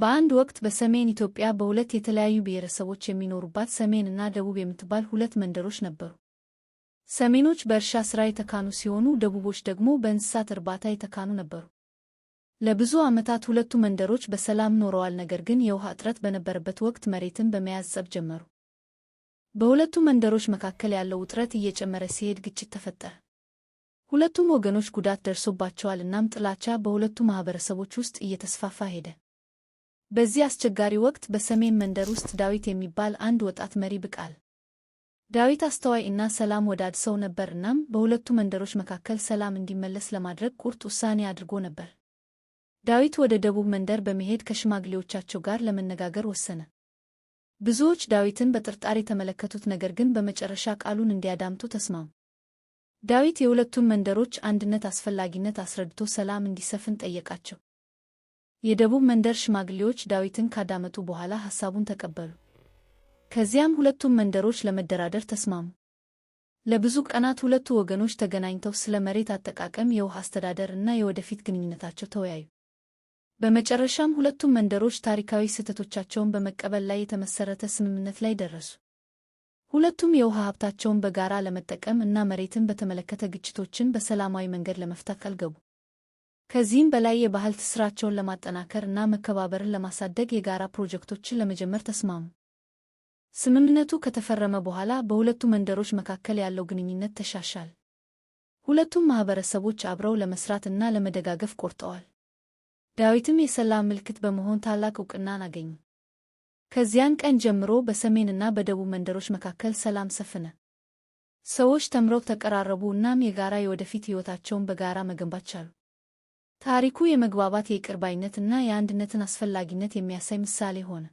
በአንድ ወቅት በሰሜን ኢትዮጵያ በሁለት የተለያዩ ብሔረሰቦች የሚኖሩባት ሰሜን እና ደቡብ የምትባል ሁለት መንደሮች ነበሩ። ሰሜኖች በእርሻ ሥራ የተካኑ ሲሆኑ፣ ደቡቦች ደግሞ በእንስሳት እርባታ የተካኑ ነበሩ። ለብዙ ዓመታት ሁለቱ መንደሮች በሰላም ኖረዋል። ነገር ግን የውሃ እጥረት በነበረበት ወቅት መሬትን በመያዝ ጸብ ጀመሩ። በሁለቱ መንደሮች መካከል ያለው ውጥረት እየጨመረ ሲሄድ ግጭት ተፈጠረ። ሁለቱም ወገኖች ጉዳት ደርሶባቸዋል። እናም ጥላቻ በሁለቱ ማኅበረሰቦች ውስጥ እየተስፋፋ ሄደ። በዚህ አስቸጋሪ ወቅት በሰሜን መንደር ውስጥ ዳዊት የሚባል አንድ ወጣት መሪ ብቃል። ዳዊት አስተዋይ እና ሰላም ወዳድ ሰው ነበር። እናም በሁለቱ መንደሮች መካከል ሰላም እንዲመለስ ለማድረግ ቁርጥ ውሳኔ አድርጎ ነበር። ዳዊት ወደ ደቡብ መንደር በመሄድ ከሽማግሌዎቻቸው ጋር ለመነጋገር ወሰነ። ብዙዎች ዳዊትን በጥርጣሬ የተመለከቱት፣ ነገር ግን በመጨረሻ ቃሉን እንዲያዳምጡ ተስማሙ። ዳዊት የሁለቱም መንደሮች አንድነት አስፈላጊነት አስረድቶ ሰላም እንዲሰፍን ጠየቃቸው። የደቡብ መንደር ሽማግሌዎች ዳዊትን ካዳመጡ በኋላ ሐሳቡን ተቀበሉ። ከዚያም ሁለቱም መንደሮች ለመደራደር ተስማሙ። ለብዙ ቀናት ሁለቱ ወገኖች ተገናኝተው ስለ መሬት አጠቃቀም፣ የውሃ አስተዳደር እና የወደፊት ግንኙነታቸው ተወያዩ። በመጨረሻም ሁለቱም መንደሮች ታሪካዊ ስህተቶቻቸውን በመቀበል ላይ የተመሰረተ ስምምነት ላይ ደረሱ። ሁለቱም የውሃ ሀብታቸውን በጋራ ለመጠቀም እና መሬትን በተመለከተ ግጭቶችን በሰላማዊ መንገድ ለመፍታት ቃል ገቡ። ከዚህም በላይ የባህል ትስራቸውን ለማጠናከር እና መከባበርን ለማሳደግ የጋራ ፕሮጀክቶችን ለመጀመር ተስማሙ። ስምምነቱ ከተፈረመ በኋላ በሁለቱ መንደሮች መካከል ያለው ግንኙነት ተሻሻል። ሁለቱም ማኅበረሰቦች አብረው ለመስራት እና ለመደጋገፍ ቆርጠዋል። ዳዊትም የሰላም ምልክት በመሆን ታላቅ ዕውቅናን አገኙ። ከዚያን ቀን ጀምሮ በሰሜንና በደቡብ መንደሮች መካከል ሰላም ሰፍነ። ሰዎች ተምረው ተቀራረቡ እናም የጋራ የወደፊት ሕይወታቸውን በጋራ መገንባት ቻሉ። ታሪኩ የመግባባት የይቅር የአንድነትን አስፈላጊነት የሚያሳይ ምሳሌ ሆነ።